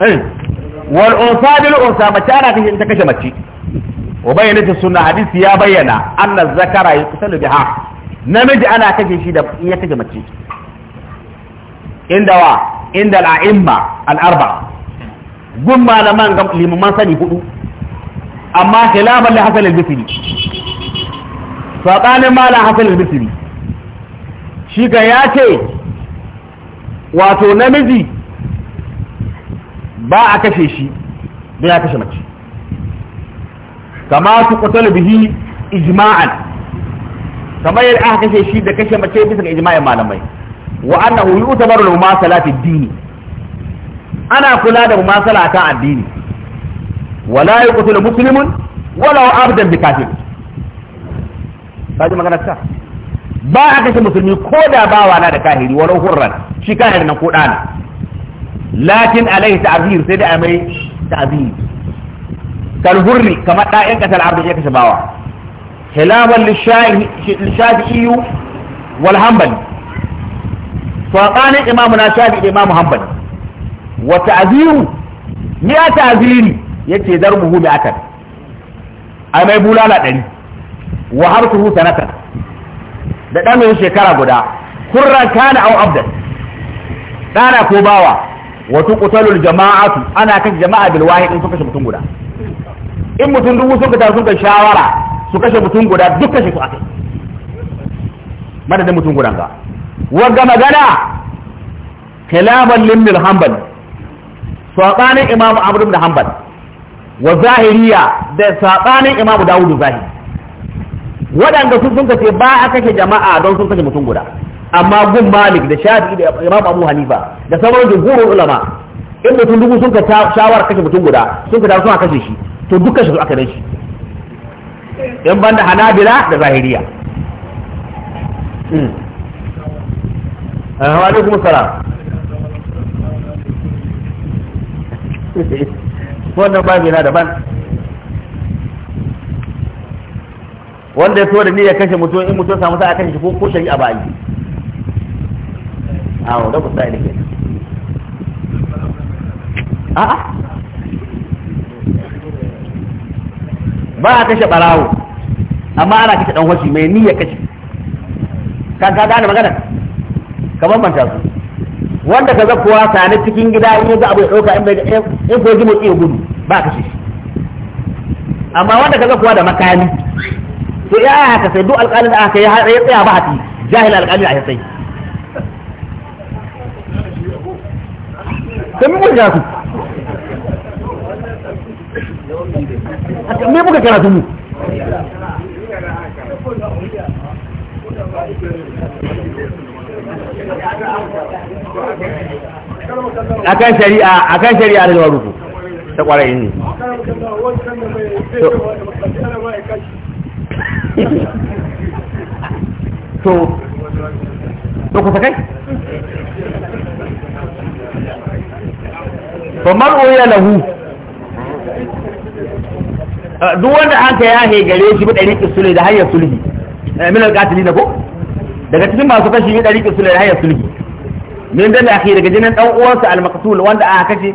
eh. wal unsa bil unsa mace ana kashe ta kashe mace wa bayyana sunna hadisi ya bayyana anna zakara yusallu biha namiji ana kashe shi da in ya kashe mace inda wa inda al'a'imma al'arba gun malaman ga limaman sani hudu amma khilafa li hasan al saɓanin sabanin malam hasan al-bisri shi ga ya ce wato namiji ba a kashe shi da ya kashe mace kama su kwatar bihi ijma'an kamar yadda aka kashe shi da kashe mace bisa ga ijma'in malamai wa annahu yu'tabaru lil mumasalati ad-dini ana kula da mumasala ta addini wala yuqtulu muslimun wala abdan bi kafir kaji magana ta ba a kashe musulmi ko da bawa na da kahiri walau hurran shi kahiri nan ko dana lakin alaihi ta'zir sai da amai ta'zir kal hurri kamar da yan kasal abdu ya kashe bawa hilaban lishafi'i wal hanbali sabanin imamu na shafi da imamu hanbal wa ta'ziru ni a ta'ziri yace darbuhu bi akan ai mai bulala ɗari wa harsuhu sanatan da ɗan mai shekara guda kurra kana au abdan ɗana ko bawa wa tuqtalul jama'atu ana kan jama'a bil wahid in suka shi mutum guda in mutum dubu sun ka sun ka shawara su kashe mutum guda duk kashe su akai madadin mutum guda ga wagga magana kalaman limnil hanbal saɓanin imamu amr da hanbal wa zahiriya da saɓanin imamu Dawudu zahiri waɗanda sun sun kace ba a kashe jama'a don sun kashe mutum guda amma gun malik da shafi da imamu abu hanifa da sauran jumhurin ulama in mutum dubu sun ka shawar kashe mutum guda sun ka dawo suna kashe shi to duk shi su aka dan shi in banda hanabila da zahiriya hmm. wa alaikum salam wannan babu yana daban wanda ya so da niyyar kashe mutum in mutum samu sa'a kashe ko ko shari'a ba yi a wanda ku sa'a ne ke a ba a kashe barawo amma ana kashe dan wasi mai niyyar kashe ka ka gane magana ka bambanta su wanda ka zafi kuwa sani cikin gida in ga abu ya ɗauka in bai in ko ji iya gudu ba ka shi amma wanda ka zafi kuwa da makami to ya ka sai duk alƙalin da aka yi ya tsaya ba fi jahil alƙalin a ya sai sai mun gurga su me muka karatu mu akan shari'a akan shari'a da waruku ta kwarai ne to to ku sakai to mar'u ya lahu eh, duk wanda an ka yahe gare shi bi ɗari ƙisule da hanyar sulhi eh, min alƙatili na ko daga cikin masu kashi ne ɗari sulhu da hayar sulhi. min da lafi daga jinin ɗan uwansa al-maqtul wanda aka kashe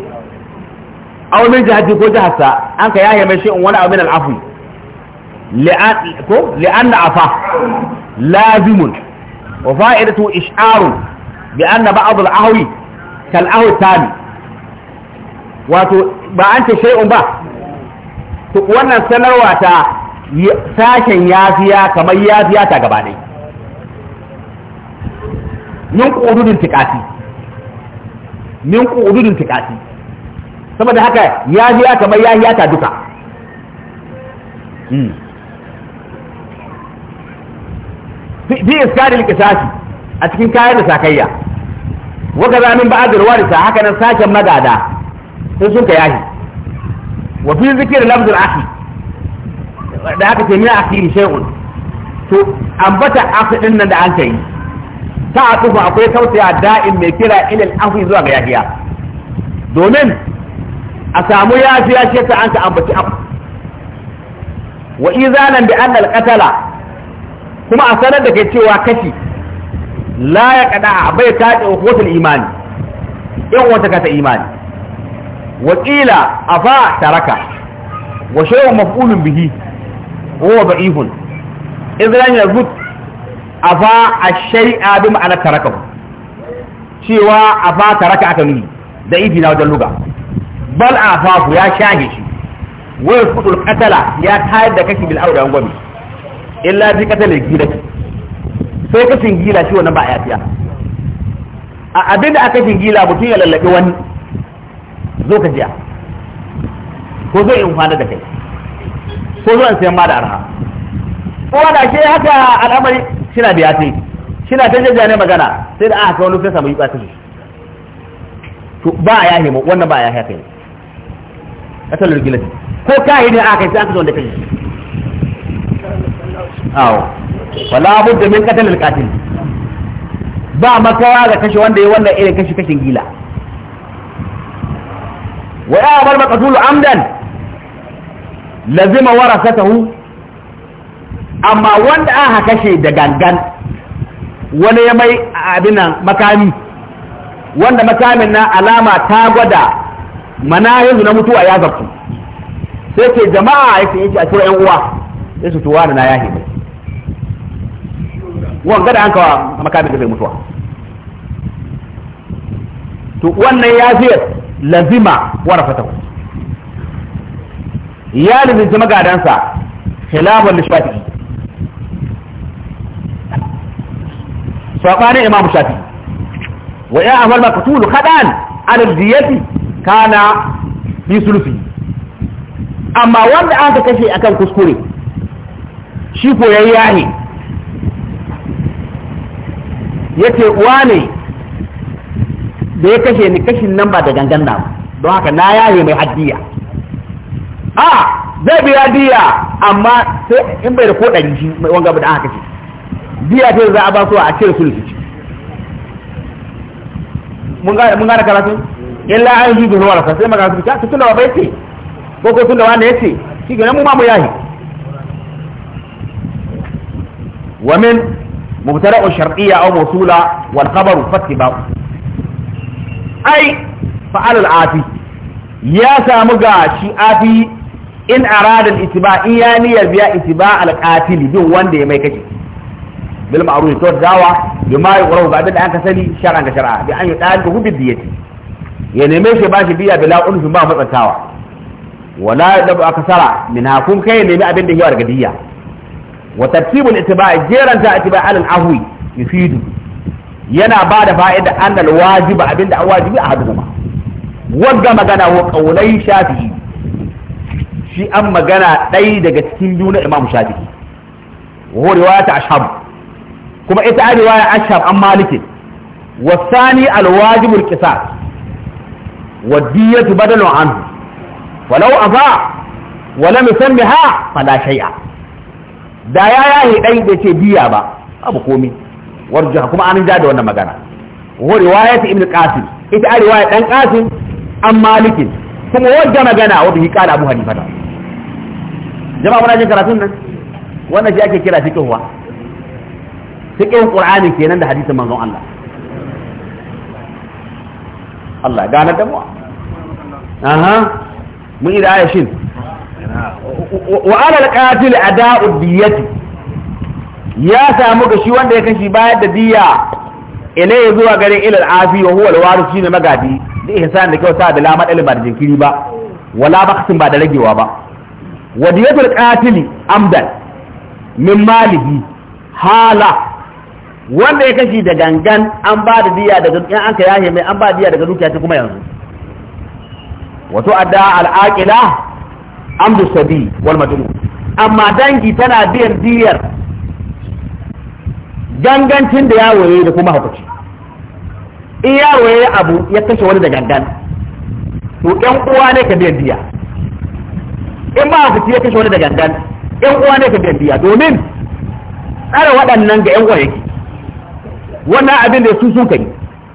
aw min jihati ko jihasa an ka yaye mai shi'un wani abu min al-afu li'an ko li'anna afa lazimun wa fa'idatu ish'arun bi anna ba'd al-ahwi kal ahwi tani wato ba an ce shay'un ba to wannan sanarwa ta sashen yafiya kamar yafiya ta gaba ɗaya min qududin tiqati min qududin tiqati saboda haka ya ji ya kamar ya yata duka hmm. fi iskari kisasi a cikin kayan da sakayya waka zamin ba da warisa haka nan saken magada sun sun ka yahi wa fi zikir lafzul akhi da aka ce min akhiri shay'un to ambata akhi din nan da an ta yi. ta atufu akwai tausaya da'in mai kira ilil afi zuwa ga yafiya domin a samu yafiya ce ta an ta ambaci afu wa izanan bi annal qatala kuma a sanar da kai cewa kashi la ya kada bai kaɗe hukutul imani in wata kata imani wa qila afa taraka wa shay'un maf'ulun bihi huwa da'ifun idan yazut A afa ash-shay'a bi ma'ana tarakahu cewa a afa taraka aka nuni da ifi na wajen luga bal a afafu ya shahe shi wa yafudul qatala ya tayar da kashi bil auda gwami illa bi qatala gida sai kashin gila shi wannan ba a yafiya a abin da aka gila mutum ya lallabe wani zo ka jiya ko zo in fada da kai ko zo in sayan ma da arha kowa da ke haka al'amari shina biya ta shina ta jajja ne magana sai da aka wani nufin samu yi ɓata to ba a yahe mu wannan ba a yahe kai kasar lulgilati ko kayi ne aka yi sai aka zo da kai awo wala budda min qatal al ba makawa ga kashe wanda ya wannan irin kashe kashin gila wa ya bar maqtul amdan lazima warasatahu amma wanda aka kashe da gangan wani ya mai abin nan makami wanda makamin na alama ta gwada yanzu na mutuwa ya zabtu sai ke jama'a ya ce a cewa yan uwa ya su tuwa da na yahi ne wani da an kawa makamin da zai mutuwa to wannan ya fiye lazima wara fata ya lizinci magadansa khilafan lishafi'i sabanin imam shafi wa ya amal maqtul khadan ala diyati kana bi sulfi amma wanda aka kashe akan kuskure shi ko yayya ne yace uwa ne da ya kashe ni kashin nan ba da gangan na don haka na yaye mai haddiya a zai biya diya amma sai in bai da ko ɗari shi wanga wanga da aka kashe biya ta za a ba su a cire su rikici mun gane karatu illa an yi bin warasa sai magana su ta su tunawa bai ce ko ko tun da ya ce shi gane mu ma mu yahi wa min mubtada'u shar'iyya aw mawsula wal khabaru fattiba'u ai fa'al al-afi ya samu ga shi afi in arada al-ittiba in ya niyyar biya ittiba al-qatil bin wanda ya mai kace bil ma'ruf to dawa bima yuqrabu ba da an ka sani shar'an ga shar'a bi an yudalu bi diyati ya neme shi bashi biya bila unfi ba matsatawa wala dabu akasara min hakum kai nemi abinda da yawa daga diya wa tartibul ittiba' jeran ta ittiba' al ahwi yufidu yana ba da fa'ida annal wajiba abinda an wajibi a ba, wagga magana wa qaulai shafi'i shi an magana ɗai daga cikin biyu imam shafi'i wa ashab kuma ita a riwaya ashab an maliki wasani alwajibu alqisas wa diyatu badalu anhu walau aza wa lam yusammiha fala shay'a da ya yahi dai bai ce biya ba abu komi warjaha kuma an ja da wannan magana wa riwayat ibn qasim ita a riwaya dan qasim an maliki kuma wajen magana wa bihi qala abu hanifa jama'a muna jin karatun nan wannan shi ake kira fiqh wa fiqhin qur'ani kenan da hadisin manzon Allah Allah gane da mu aha mun yi da ayashin wa ala alqatil ada'u diyati ya samu ga shi wanda ya kashi bayar da diya ya zuwa garin ilal afi wa huwa alwaris shine magadi da ihsan da kyauta da lamar ilmi ba da jinkiri ba wala baqtin ba da ragewa ba wa diyatul qatil amdan min malihi hala wanda ya kashi da gangan an ba da diya daga in an ka yahe mai an ba diya daga dukiya ta kuma yanzu wato adda al'aqila amdu sabi wal madun amma dangi tana biyan diyar gangancin da ya yayi da kuma hukunci in ya yayi abu ya kashe wani da gangan to ɗan uwa ne ka biyan diya in ba hukunci ya kashe wani da gangan ɗan uwa ne ka biyan diya domin tsara waɗannan ga ƴan uwa yake wannan abin da su sun kai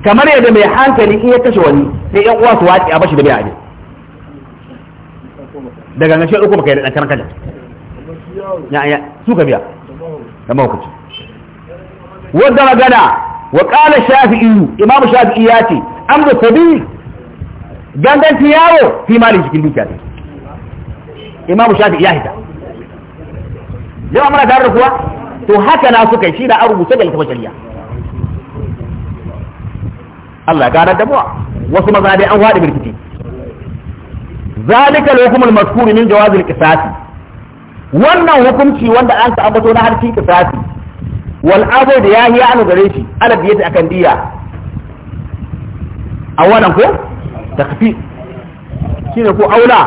kamar yadda mai hankali in ya kashe wani sai yan uwa su wace a bashi da bai abin daga nan shi ɗauko baka yi da ɗan karan ya ya su ka biya da mahukaci wadda magana wa ƙala shafi'i imam shafi'i ya ce amsa sabi ganganci yawo fi malin cikin dukiya ne imam shafi'i ya hita jama'a muna tare da kuwa to haka na suka yi shi da an rubuta da littafin shari'a Allah gane da muwa wasu maza dai an waɗe birkiti zalika al-hukmul mazkur min jawazil qisas wannan hukunci wanda an ambato na harfi qisasi wal abu da yahi ya anu gare shi ala biyati akan diya a wannan ko takfi shine ko aula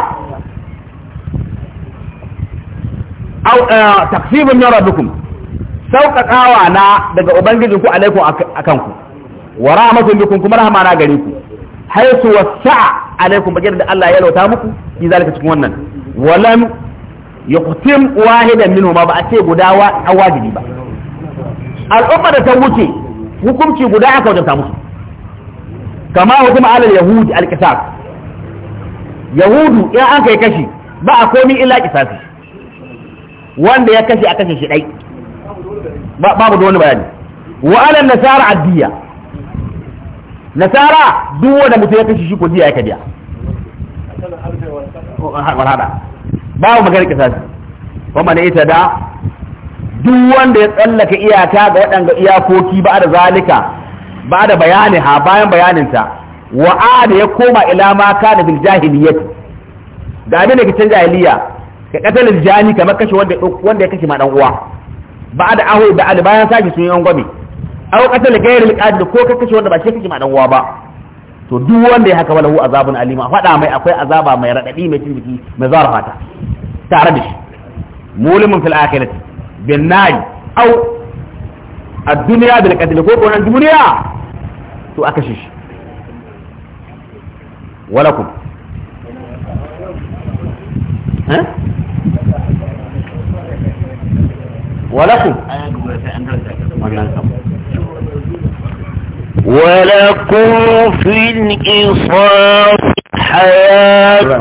au eh, takfibun min rabbikum sauƙaƙawa na daga ubangijinku alaikum akanku wa rahmatun bikum kuma rahama na gare ku haisu wasa'a alaikum bakin da Allah ya lauta muku fi zalika cikin wannan walam yuqtim wahidan minhu ma ba a ce guda wa wajibi ba al'umma da ta wuce hukunci guda aka wajabta musu kama hukuma alal yahudi al yahudu ya an kai kashi ba a komi illa kisasi wanda ya kashe a kashe shi dai babu da wani bayani wa alal nasara addiya nasara duk wanda mutum ya kashe shi ko jiya ya kadiya walhada babu magana kisasi kuma ne ita da duk wanda ya tsallaka iyaka ga waɗanda iyakoki ba da zalika ba da bayani ha bayan bayaninta wa'a da ya koma ila ma da bil jahiliyyati da abin da ke can jahiliya ka katalin jani kamar kashe wanda ya kashe ma dan uwa ba da aho da bayan sashi sun yi an aw qatal ghayr al ko ka kashe wanda ba shi kake ma dan uwa ba to duk wanda ya haka wala hu azabun alima fada mai akwai azaba mai radadi mai cin mai zara fata tare da shi mulimin fil akhirati bin nari aw ad-dunya bil qatl ko ko nan duniya to aka shi walakum ha walakum ولكم في الإصاف حياة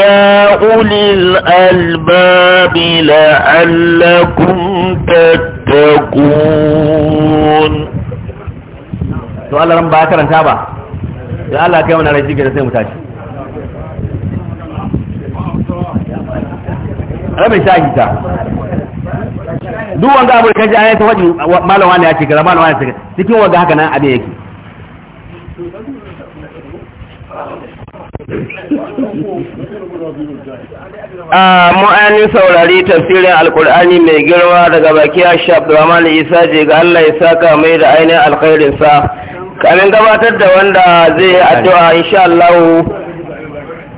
يا أولي الألباب لعلكم تتقون سؤال رمبا أكرم شابا يا الله كيف نرجيك نسيم تاشي rabin shahita duk wanga abu da kaji ayyata waje malam wani ya ce kaza malam wani ya cikin wanga haka nan abin yake a mu'ani saurari tafsirin alkur'ani mai girma daga baki a shaf da isa je ga allah ya saka mai da ainihin alkhairinsa kamin gabatar da wanda zai yi addu'a insha Allah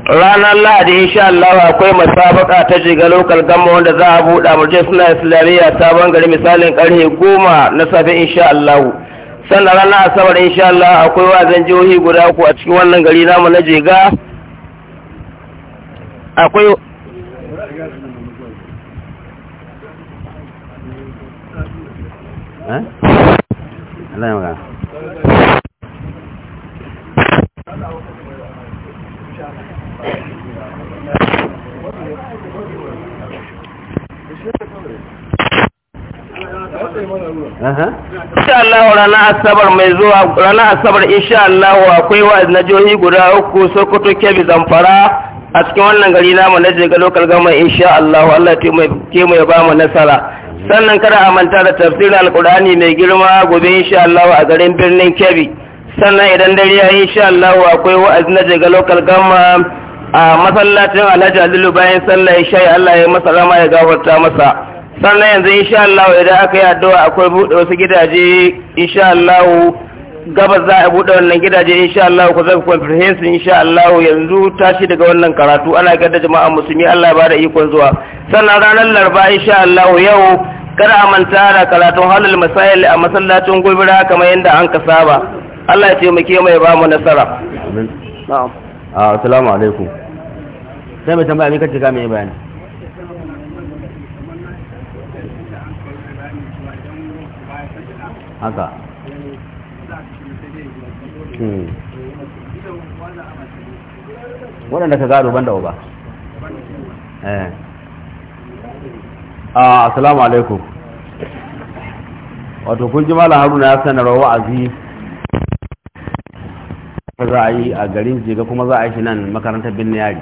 ranar lahadi insha Allah akwai masabaka ta jiga lokal gamma wanda za a buɗa murje suna islamiyya sabon gari misalin karhe goma na safe insha Allah sannan ranar asabar insha Allah akwai wazan jihohi guda uku a cikin wannan gari namu na jiga akwai eh? Allah ya magana insha Allah ranar asabar mai zuwa ranar asabar insha Allah akwai wa'azi na jihohi guda uku Sokoto Kebbi Zamfara a cikin wannan gari namu na jiga local government insha Allah Allah ya ke mu ya ba mu nasara sannan kada a manta da tafsirin Alƙur'ani mai girma gobe insha Allah a garin birnin Kebbi sannan idan dare ya insha Allah akwai wa'azi na jiga local government a masallacin alhaji alilu bayan sallah shayi Allah ya masa rama ya gafarta masa sannan yanzu insha Allah idan aka yi addu'a akwai buɗe wasu gidaje insha Allah gabas za a buɗe wannan gidaje insha Allah ku zafi comprehensive insha Allah yanzu tashi daga wannan karatu ana gadda jama'a musulmi Allah ba da ikon zuwa sannan ranar Larba insha Allah yau kada a manta da karatun halal masail a masallacin gobira kamar yadda an ka saba Allah ya taimake mai ya ba mu nasara amin na'am ah, assalamu alaikum sai mai tambaya mai kace ka mai bayani haka hmm. waɗanda ka gado banda uba eh ah, assalamu alaikum wato kun ji mala haruna ya sanarwa wa'azi za a yi a garin jiga kuma za a yi shi nan makarantar bin yari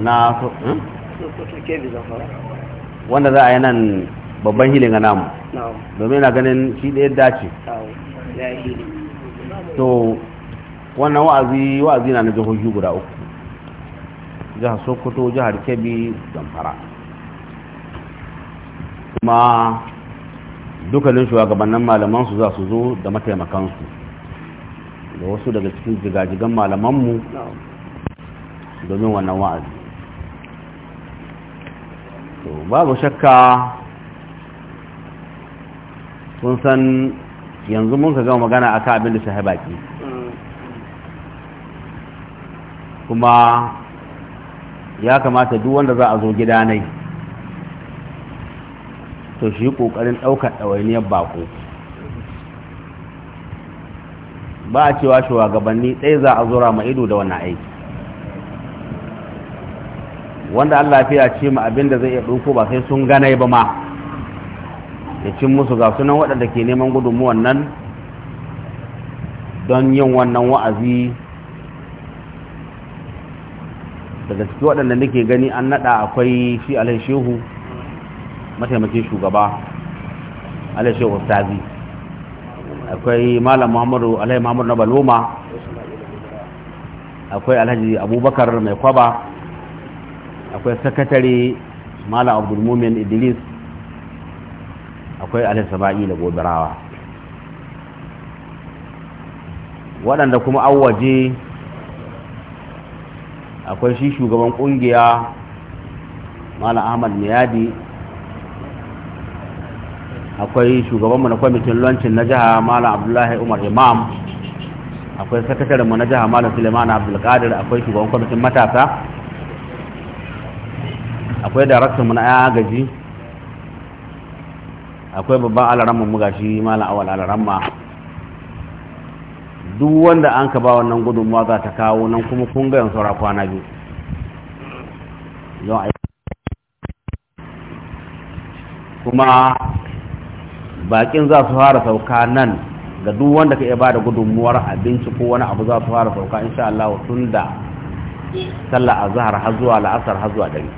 na hmm? wanda za a yi nan babban hilin ga namu domin na ganin shi ɗaya dace to wannan wa'azi wa'azi na na jihohi guda uku jihar sokoto jihar kebbi zamfara kuma dukkanin shugabannin malamansu za su zo da mataimakansu da wasu daga cikin jigajigan malamanmu domin wannan wa'azi to babu shakka kun san yanzu mun ka gama magana akan abin da shahaba baki kuma ya kamata duk wanda za a zo gida nai to shi kokarin daukar ɗawainiyar bako ba a cewa shugabanni ɗaya za a zura ma ido da wannan aiki wanda Allah ya ce ma abinda zai iya ɗauko ba sai sun ganai ba ma ya cin musu ga sunan waɗanda ke neman gudunmuwan nan don yin wannan wa'azi daga ciki waɗanda nake gani an naɗa akwai shi Shehu mataimakin shugaba Shehu ustazi akwai malam muhammadu alhaji muhammadu na baloma akwai alhaji abubakar mai kwaba akwai sakatare malam abdulmumin idris akwai alisaba'i da gobirawa waɗanda kuma awaje akwai shi shugaban ƙungiya malam ahmad miyadi akwai shugabanmu na kwamitin lancin na jiha malam abdullahi umar imam akwai sakatarinmu na jiha malam suleiman abdulkadir akwai shugaban kwamitin matasa akwai daraktan mu na gaji akwai babban alaramma mu gashi malam awal alaramma duk wanda an ka ba wannan gudunmuwa za ta kawo nan kuma kun ga yan saura kwana biyu kuma bakin za su fara sauka nan ga duk wanda ka iya ba da gudunmuwar abinci ko wani abu za su fara sauka insha Allah tun da sallah azhar har zuwa la'asar har zuwa dare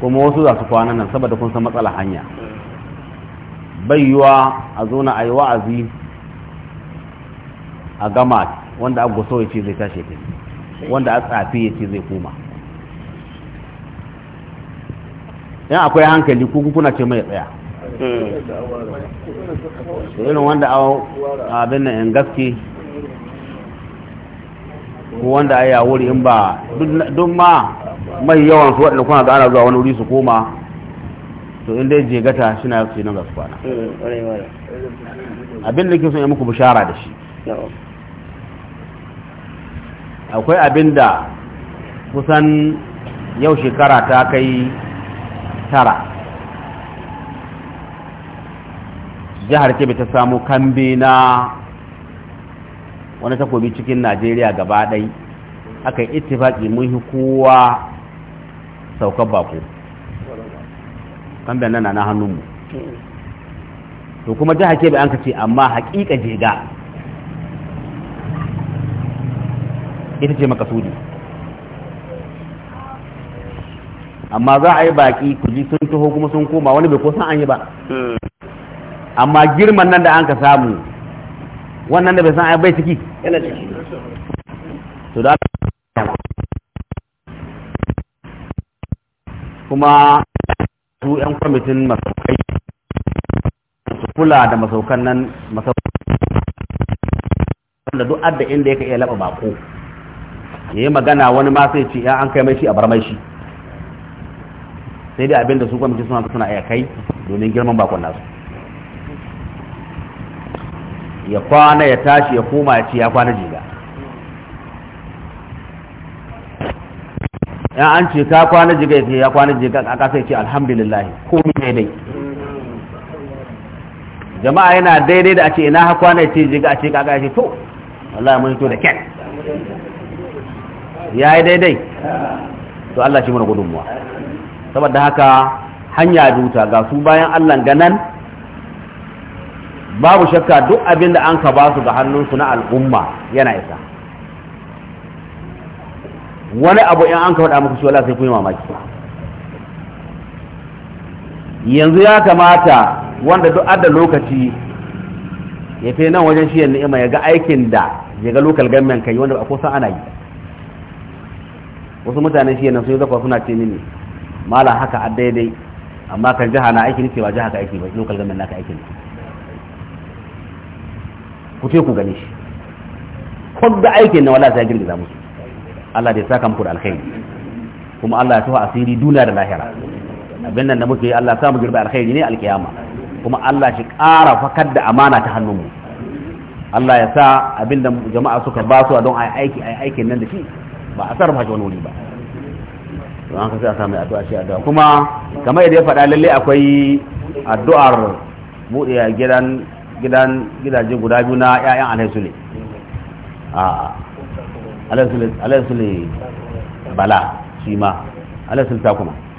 kuma wasu za su kwana nan saboda kun san matsala hanya wa a zo na ayi wa'azi a gama wanda abu so ya ce zai tashi ta wanda a tsafi ya ce zai koma yan akwai hankali kuku kuna ce mai tsaya irin wanda a abin nan gaske ko wanda a yawuri in ba duk ma mai yawan su waɗanda kuna ga ana zuwa wani wuri su koma to inda ya dai gata shi na yake nan gasu kwana mm, abin da ke son yi muku bishara da shi akwai abin da kusan yau shekara ta kai tara jihar kebe ta samu kambe na wani takobi cikin najeriya gaba ɗai aka yi ittifaki mun kowa saukar bako kamben nan na hannunmu to kuma jiha ke bai an ce amma hakika jega ita ce makasudi amma za a yi baki ji sun taho kuma sun koma wani bai ko san an yi ba amma girman nan da an ka samu wannan da bai san an bai ciki yana ciki to da kuma su 'yan kwamitin masaukai su kula da masaukan nan masaukai wanda duk adda inda ya iya laba bako ya yi magana wani ma sai ce ya an kai mai shi a bar mai shi sai dai abinda su kwamitin suna suna iya kai domin girman bakon nasu ya kwana ya tashi ya koma ya ce ya kwana jiga ya an ce ka kwana jiga ya ya kwana jiga a kasa ce alhamdulillah komi daidai jama'a yana daidai da a ce ina ha kwana ce jiga a ce kaka ya ce to wallahi mun to da kyan ya yi daidai to Allah shi mana gudunmuwa saboda haka hanya duta ga su bayan Allah ganan babu shakka duk abin da an ka ba su ga hannunsu na al'umma yana isa wani abu in an ka faɗa muku shi wala sai kuyi yi mamaki yanzu ya kamata wanda duk adda lokaci ya fi nan wajen shiyar ni'ima ya ga aikin da ya ga lokal government kai wanda ko san ana yi wasu mutanen shiyar nan sun yi zafa suna ce mini mala haka a daidai amma kan jiha na aiki nake ba jiha ka aiki ba local na ka aiki ne ku ce ku gane shi ko da aikin na wala sai girgiza musu Allah da ya saka muku da alkhairi kuma Allah ya tawa asiri duniya da lahira abin nan da muke yi Allah samu girbi alkhairi ne alkiyama kuma Allah shi ƙara fakar da amana ta hannunmu Allah ya sa abin da jama'a suka ba su don ai aiki ai aikin nan da shi ba a sarrafa shi wani wuri ba don haka sai a samu addu'a shi addu'a kuma kamar yadda ya faɗa lalle akwai addu'ar buɗe gidan gidan gidaje guda biyu na ƴaƴan ne a'a. alaihi bala shi ma alaihi takuma